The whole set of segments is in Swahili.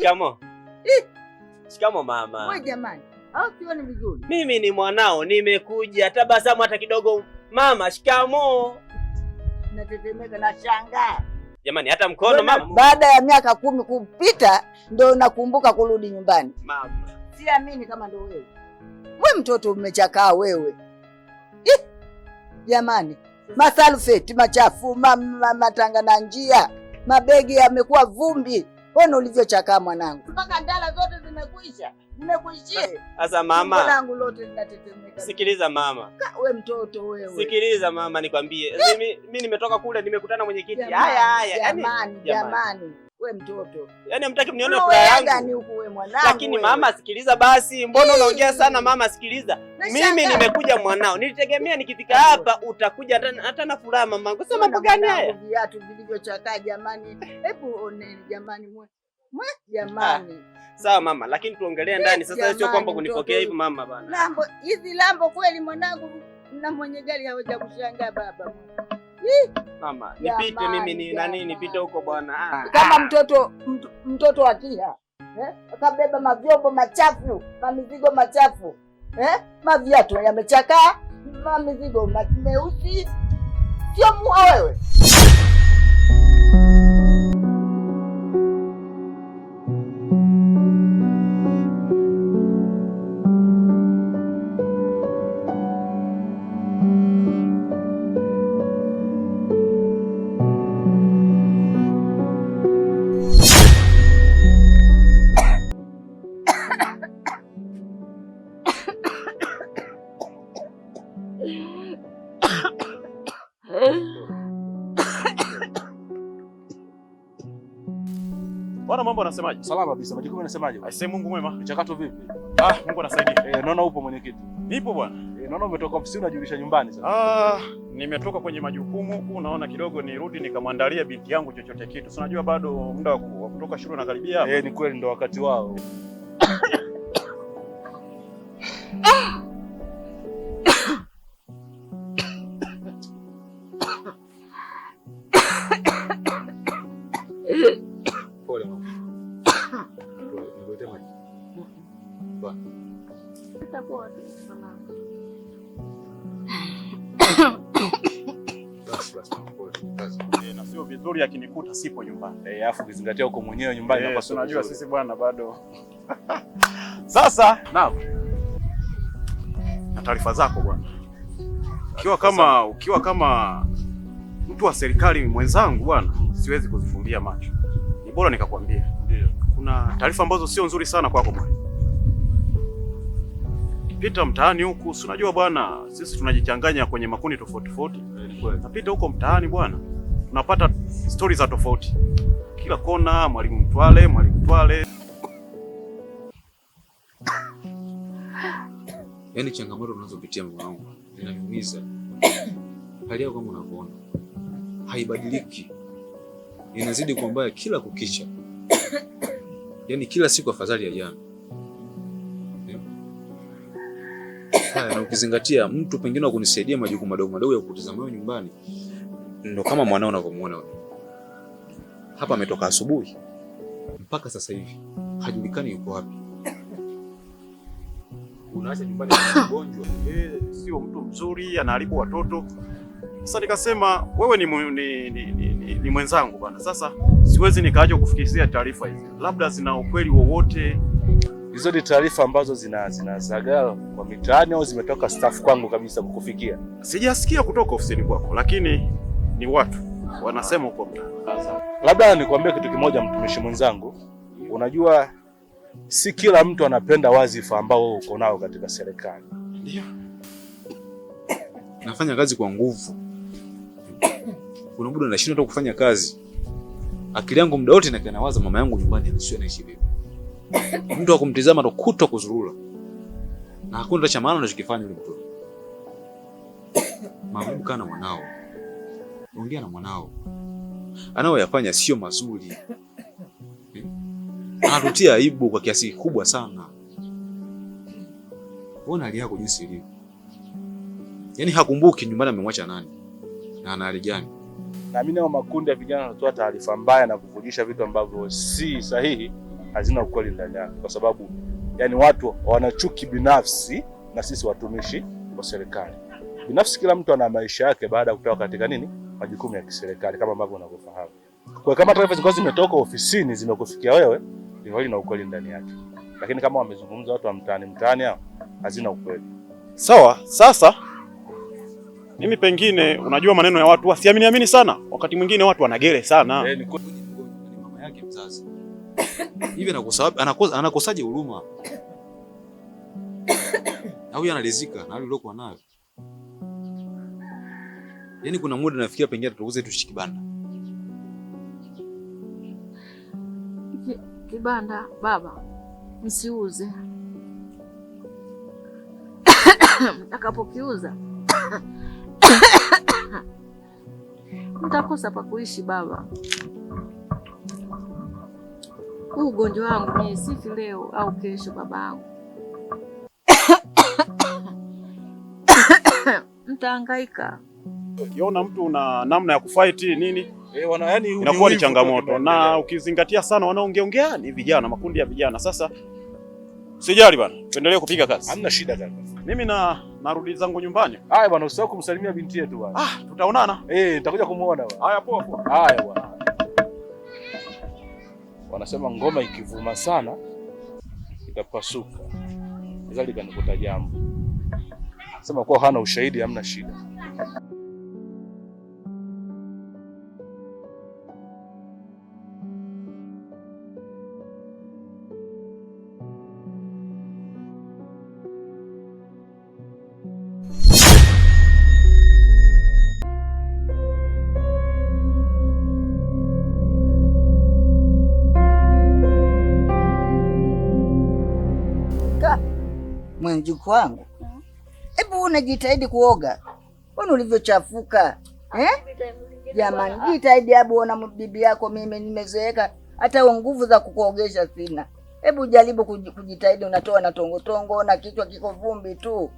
Shikamo. Eh. Shikamo mama. Wewe jamani, au sioni vizuri. Mimi ni mwanao nimekuja, tabasamu hata kidogo. Mama, shikamo. Natetemeka na shangaa. Jamani hata mkono mama. Baada ya miaka kumi kupita ndio nakumbuka kurudi nyumbani. Mama. Siamini kama ndio wewe. Wewe mtoto umechakaa wewe. Eh. Jamani, masalfeti machafu, mama matanga na njia. Mabegi yamekuwa vumbi. Ona ulivyochakaa mwanangu, mpaka ndala zote zimekuisha, nimekuishia Sasa mama, mwanangu lote linatetemeka. Sikiliza mama, we mtoto wewe, sikiliza mama, nikwambie mimi, eh! nimetoka kule nimekutana mwenyekiti. Haya haya, jamani, jamani We mtoto, yaani hamtaki mnione furaha yaani yangu. Lakini mama, sikiliza basi, mbona unaongea sana mama? Sikiliza, mimi nimekuja mwanao, nilitegemea nikifika hapa utakuja hata na furaha. Mamangu, sema mambo gani haya? Viatu vilivyochakaa jamani, hebu oneni jamani, mwe mwe jamani. Ah, sawa mama, lakini tuongelee ndani sasa, sio kwamba kunipokea hivi mama bana. Lambo hizi lambo kweli mwanangu, na mwenye gari kushangaa baba. Mama, nipite mimi ni nani nipite huko bwana. Ah. Kama mtoto mtoto wa kiha eh? Kabeba mavyombo machafu, mizigo machafu eh? Maviatu yamechakaa, mamizigo meusi, sio mua wewe Bwana, mambo anasemaje? Salama kabisa. Majukumu anasemaje? Aisee, Mungu mwema. Mchakato vipi? Ah, Mungu anasaidia. Eh, naona upo mwenyekiti. Nipo bwana. Eh, naona umetoka ofisi unajulisha nyumbani sasa. Ah, nimetoka kwenye majukumu huku, naona kidogo nirudi nikamwandalia binti yangu chochote kitu. unajua bado muda wa kutoka shule unakaribia. Eh, ni kweli ndo wakati wao. mazuri yakinikuta sipo nyumbani. Eh, afu kizingatia uko mwenyewe nyumbani hapa, eh, sio. unajua sisi bwana bado. Sasa naam. Na taarifa zako bwana. Ukiwa kama ukiwa kama mtu wa serikali mwenzangu bwana, siwezi kuzifumbia macho. Ni bora nikakwambia. Ndio. Kuna taarifa ambazo sio nzuri sana kwako bwana. Pita mtaani huku, si unajua bwana, sisi tunajichanganya kwenye makundi tofauti tofauti. Eh, Napita huko mtaani bwana unapata stori za tofauti kila kona, mwalimu Mtwale, mwalimu Mtwale. Yaani changamoto unazopitia mama wangu zinaniumiza. Hali yako kama unavyoona haibadiliki, inazidi kuwa mbaya kila kukicha, yaani kila siku afadhali ya jana. Haya, na ukizingatia mtu pengine wa kunisaidia majukumu madogo madogo ya kutizama nyumbani ndo kama mwanao unavyomuona hapa, ametoka asubuhi mpaka sasa hivi hajulikani yuko wapi. Unaacha nyumbani mgonjwa, eh, sio mtu mzuri, anaharibu watoto. Sasa nikasema wewe ni, ni, ni, ni, ni mwenzangu bwana. Sasa siwezi nikaacha kufikiria taarifa hizi, labda zina ukweli wowote. Hizo ni taarifa ambazo zinazagaa zina kwa mitaani au zimetoka staff kwangu kabisa kukufikia? Sijasikia kutoka ofisini kwako, lakini ni watu wanasema huko mtaani. Labda nikwambie kitu kimoja, mtumishi mwenzangu, unajua si kila mtu anapenda wazifa ambao uko nao katika serikali. Ndio. Nafanya kazi kwa nguvu, kuna muda nashindwa hata kufanya kazi. Akili yangu muda wote nakaa mama yangu nyumbani anaishi anaishi vipi, mtu akumtizama tokuta kuzurura, na hakuna cha maana anachokifanya yule mtoto. Maamka na mwanao ongea na mwanao, anayoyafanya sio mazuri, eh? anatutia aibu kwa kiasi kikubwa sana. Ona hali yako jinsi ilivyo, yaani hakumbuki nyumbani amemwacha nani na ana hali gani. mimi hao makundi ya vijana wanatoa taarifa mbaya na kuvujisha vitu ambavyo si sahihi, hazina ukweli ndani yake, kwa sababu yani watu wana chuki binafsi, na sisi watumishi wa serikali binafsi, kila mtu ana maisha yake baada ya kutoka katika nini majukumu ya kiserikali kama ambavyo unavyofahamu. Kwa kama taarifa zilikuwa zimetoka ofisini zimekufikia wewe, hilo na ukweli ndani yake, lakini kama wamezungumza watu wa mtaani mtaani, hao hazina ukweli. Sawa. Sasa mimi pengine, unajua maneno ya watu wasiamini amini sana, wakati mwingine watu wanagere sana e, eh, niku... mama yake mzazi hivi anakosaje huruma? Au yanarizika na hali nayo? Yaani kuna muda nafikia pengine tuuze tushiki kibanda. Kibanda baba, msiuze. Mtakapokiuza mtakosa pa kuishi baba. Huu ugonjwa wangu mimi sifi leo au kesho babangu. Mtahangaika. Ukiona mtu una namna ya kufight nini e, wana, yani, inakuwa ni changamoto na ukizingatia sana wanaongeongea ni vijana, makundi ya vijana. Sasa sijali bana, tuendelee kupiga kazi, hamna shida kaka. Mimi na narudi zangu nyumbani. Haya bwana, usisahau kumsalimia binti yetu bwana. Ah, tutaonana eh, nitakuja kumuona bwana. Haya poa poa. Haya bwana, wanasema ngoma ikivuma sana itapasuka, zalika kanikuta jambo sema kwa hana ushahidi, hamna shida. mjukuu wangu, hebu unajitahidi kuoga, ona ulivyochafuka eh? Jamani, jitahidi abu, ona bibi yako mimi nimezeeka, hata nguvu za kukuogesha sina. Hebu jaribu kujitahidi, unatoa na tongotongo na kichwa kiko vumbi tu.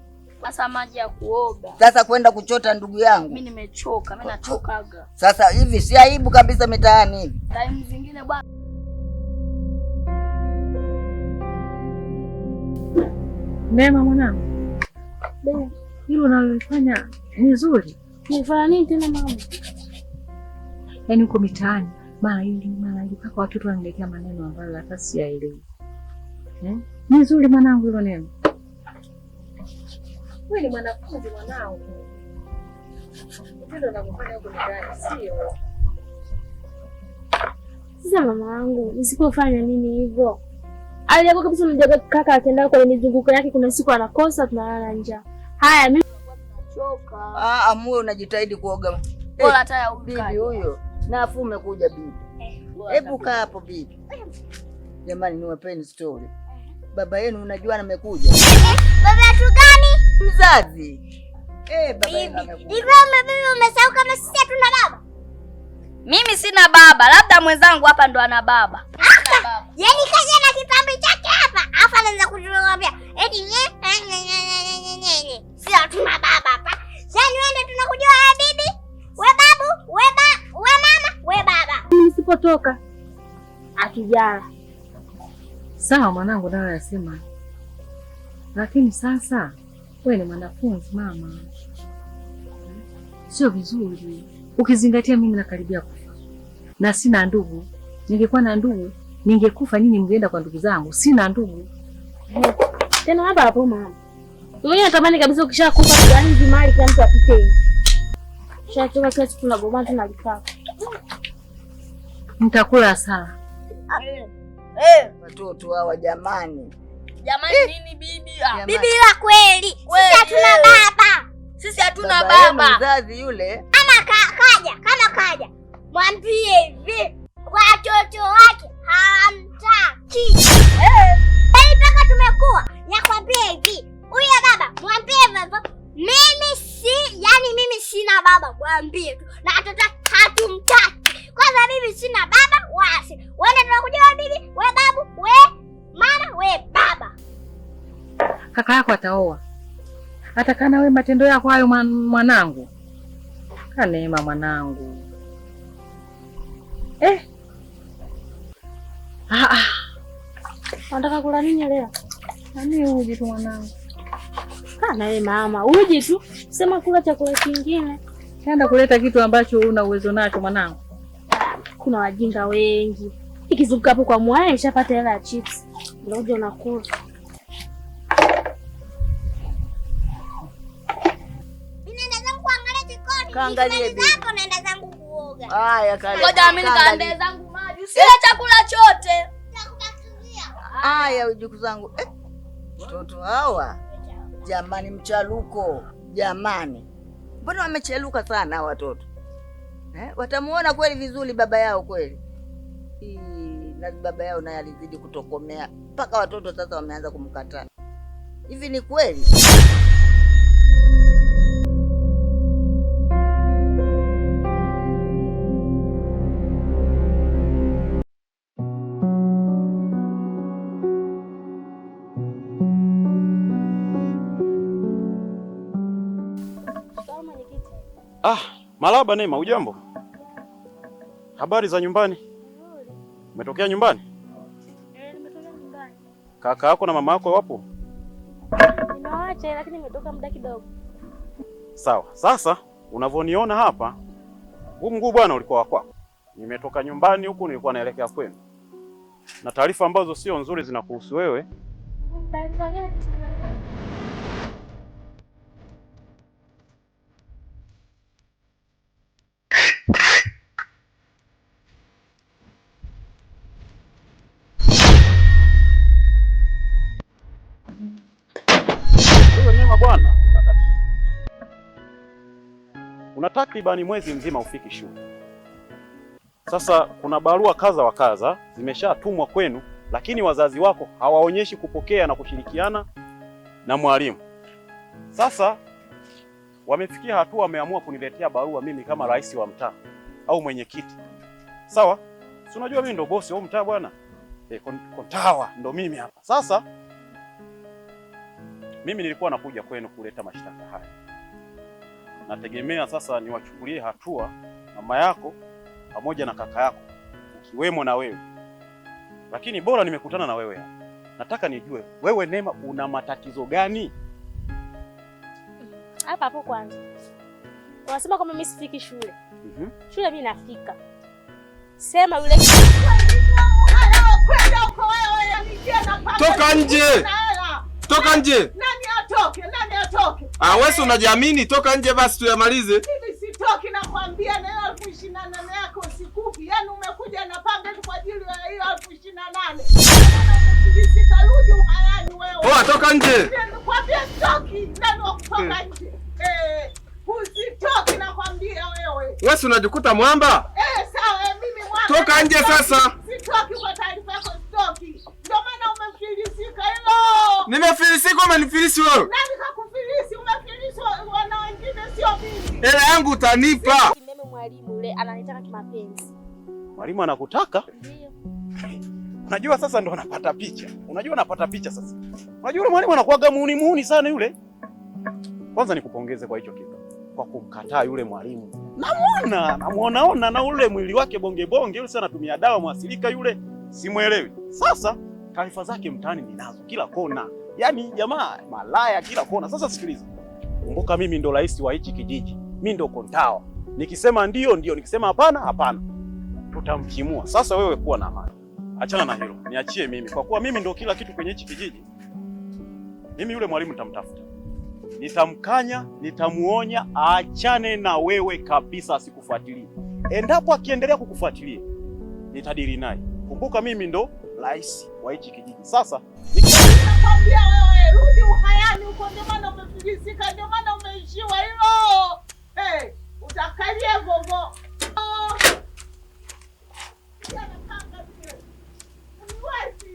Sasa maji ya kuoga. Sasa kwenda kuchota ndugu yangu. Mimi nimechoka, mimi nachokaga. Sasa hivi si aibu kabisa mitaani hivi. Time zingine bwana. Neema mwanangu, hilo unalofanya ni zuri. Nifanya nini tena mama? Yaani uko mitaani mara hili mara hili mpaka watoto wananiletea maneno ambayo hata siyaelewi. Eh? Ni zuri mwanangu hilo neno. Wewe ni mwanafunzi mwanangu. Ndio nakufanya huko mitaani, sio? Sasa mama wangu, nisipofanya nini hivyo? aliaga kabisa. Mjaga kaka akienda kwenye mizunguko yake, kuna siku anakosa, tunalala njaa. Haya, mimi nachoka. Ah, amue unajitahidi kuoga eh, bora hata ya bibi huyo, na afu umekuja bibi. Eh, Hebu kaa hapo bibi. Eh. Jamani, niwapeni story. Baba yenu unajua namekuja. Baba tu gani? Mzazi. Eh, baba yenu amekuja. Hivyo mimi umesahau kama sisi hatuna baba? Mimi sina baba, labda mwenzangu hapa ndo ana baba. Yaani kaja na kitambi alafu we akijaa sawa, mwanangu, dawa yasema, lakini sasa wewe ni mwanafunzi mama, sio vizuri ukizingatia mimi nakaribia kufa na sina ndugu. Ningekuwa na ndugu ningekufa, nyinyi mngeenda kwa ndugu zangu. Sina ndugu. Tena hapa hapo mama. Wewe natamani kabisa ukishakufa kugani vimali kwa mtu apite Shatoka kwetu tunagoma tunalipaka. Nitakula sana. Ah, eh, eh. watoto hawa jamani. Jamani eh. nini bibi? Ah. Bibi la kweli. Sisi hatuna eh. baba. Sisi hatuna baba. Mzazi yule. Ama kaja, kama kaja. Mwambie hivi watoto wake hawamtaki. Yaani mpaka tumekuwa nakwambia hivi, huyo baba mwambie hivyo, mimi si yani, mimi sina baba, mwambie tu na watoto hatumtaki. Kwanza mimi sina baba, wasi wende, tunakuja bibi, we babu, we mama, we baba. Kaka yako ataoa atakana we matendo yako hayo, mwanangu. Kaneema mwanangu, eh. Ah, ah. Nataka kula nini leo? Nani uji tu mwanangu? Kana wewe mama, uji tu. Sema kula chakula kingine. Nenda kuleta kitu ambacho una uwezo nacho mwanangu. Kuna wajinga wengi. Ikizuka hapo kwa mwaya ishapata hela ya chips. Ndio uje unakula. Kaangalie bibi. Naenda zangu kuoga. Haya, kaangalie. Ngoja mimi nikaende zangu sina chakula chote. Haya ujuku zangu eh, mtoto eh, hawa jamani, mchaluko jamani, mbona wamecheluka sana watoto eh? Watamuona kweli vizuri baba yao kweli na baba yao naye alizidi kutokomea mpaka watoto sasa wameanza kumkataa. Hivi ni kweli? Ah, Malaba Neema, ujambo? Habari za nyumbani? Umetokea nyumbani? nyumbani. Kaka yako na mama yako wapo? Nimewacha lakini nimetoka muda kidogo. Sawa. Sasa unavyoniona hapa, huu mguu bwana ulikuwa wa kwako. Nimetoka nyumbani huku nilikuwa naelekea kwenu, na taarifa ambazo sio nzuri zinakuhusu wewe. takribani mwezi mzima hufiki shule. Sasa kuna barua kadha wa kadha zimeshatumwa kwenu, lakini wazazi wako hawaonyeshi kupokea na kushirikiana na mwalimu. Sasa wamefikia hatua, wameamua kuniletea barua mimi kama rais wa mtaa au mwenyekiti. Sawa, si unajua mimi ndo bosi au mtaa bwana e, kontawa ndo mimi hapa. Sasa mimi nilikuwa nakuja kwenu kuleta mashtaka haya nategemea sasa niwachukulie hatua mama yako pamoja na kaka yako ukiwemo na wewe, lakini bora nimekutana na wewe. Nataka nijue wewe Neema, una matatizo gani? Hapa hapo kwanza unasema kwamba mimi sifiki shule. mm -hmm. Shule mimi nafika. Sema yule toka nje, toka nje. Nani atoke? Nani atoke? Ah, wewe unajiamini, toka nje basi tuyamalize. Mimi sitoki na kwambia na elfu ishirini na nane yako sikupi. Yaani umekuja na panga kwa ajili ya hiyo elfu ishirini na nane. Sitarudi uhayani wewe. Poa, toka nje. Kwambia sitoki, nani wakutoka eh. nje? Eh, usitoki na kwambia wewe. Wewe unajikuta mwamba? Eh, sawa, eh, mimi mwamba. Toka nje sasa. Sitoki kwa taarifa yako sitoki. Ndio maana umefilisika hilo. Nimefilisika, umenifilisi wewe. Nani Hela yangu utanipa. Mimi mwalimu yule ananitaka kimapenzi. Mwalimu anakutaka? Ndio. Unajua sasa ndo anapata picha. Unajua anapata picha sasa. Unajua mwalimu anakuaga muuni muuni sana yule. Kwanza nikupongeze kwa hicho kitu. Kwa kumkataa yule mwalimu. Namuona, ona na ule mwili wake bonge bonge yule sana tumia dawa mwasilika yule. Simuelewi. Sasa taarifa zake mtaani ninazo kila kona. Yaani jamaa malaya kila kona. Sasa sikiliza. Kumbuka mimi ndo rais wa hichi kijiji mi ndo kontawa. Nikisema ndio ndio, nikisema hapana hapana, tutamkimua. Sasa wewe kuwa na amani, achana na hilo, niachie mimi, kwa kuwa mimi ndo kila kitu kwenye hichi kijiji. Mimi yule mwalimu nitamtafuta, nitamkanya, nitamuonya aachane na wewe kabisa, asikufuatilie. Endapo akiendelea kukufuatilia, nitadiri naye. Kumbuka mimi ndo rais wa hichi kijiji. Sasa nikwambia wewe, rudi uhayani uko, ndio maana umefilisika, ndio maana umeishiwa hilo hey, utakalia gogo Huyu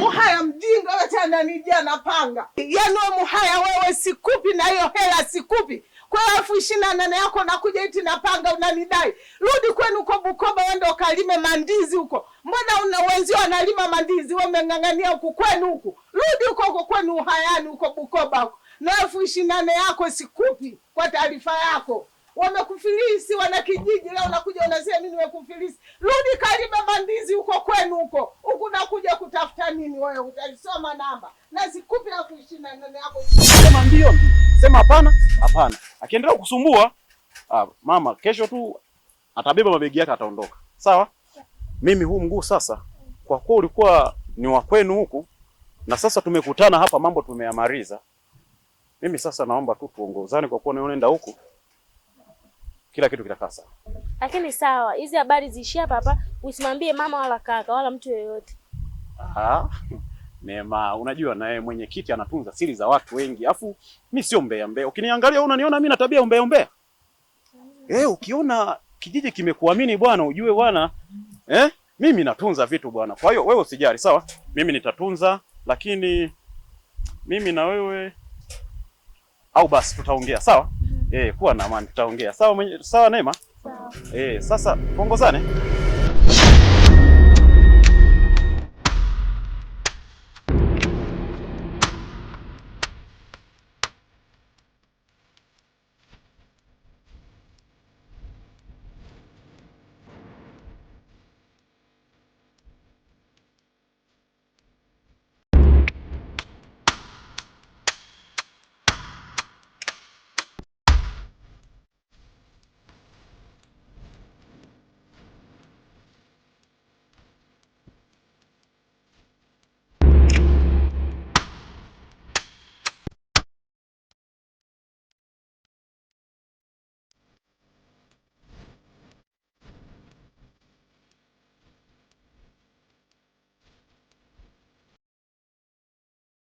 Muhaya mjinga wewe tena na panga. Yaani wewe Muhaya wewe sikupi na hiyo hela sikupi. Kwa elfu ishirini na nane yako nakuja iti na panga unanidai. Rudi kwenu uko Bukoba wende ukalime mandizi huko. Mbona una wenzio wanalima mandizi, wewe umeng'ang'ania huku kwenu huku, rudi huko huko kwenu Uhayani huko Bukoba, na elfu ishirini nane yako sikupi. Kwa taarifa yako, wamekufilisi wana kijiji. Leo unakuja unasema mimi nimekufilisi. Rudi kalime mandizi huko kwenu huko huku, nakuja kutafuta nini wewe? utalisoma namba na sikupi elfu ishirini na nane yako. Sema ndio, sema hapana. Hapana, akiendelea kukusumbua ah, mama, kesho tu atabeba mabegi yake ataondoka, sawa? mimi huu mguu sasa, kwa kuwa ulikuwa ni wa kwenu huku na sasa tumekutana hapa, mambo tumeyamaliza. Mimi sasa naomba tu tuongozane, kwa kuwa naenda huku kila kitu kitakaa sawa. Lakini sawa, hizi habari ziishie hapa hapa, usimwambie mama wala kaka wala mtu yeyote. Neema, unajua naye mwenyekiti anatunza siri za watu wengi, afu mi sio mbea mbea. Ukiniangalia unaniona mi na tabia umbea umbea. Mm. Eh, ukiona kijiji kimekuamini bwana, ujue bwana eh? Mimi natunza vitu bwana, kwa hiyo wewe usijali, sawa? Mimi nitatunza, lakini mimi na wewe au basi tutaongea, sawa? Mhm. Eh, kuwa na amani, tutaongea sawa, sawa Neema. Sawa. Eh, sasa tuongozane.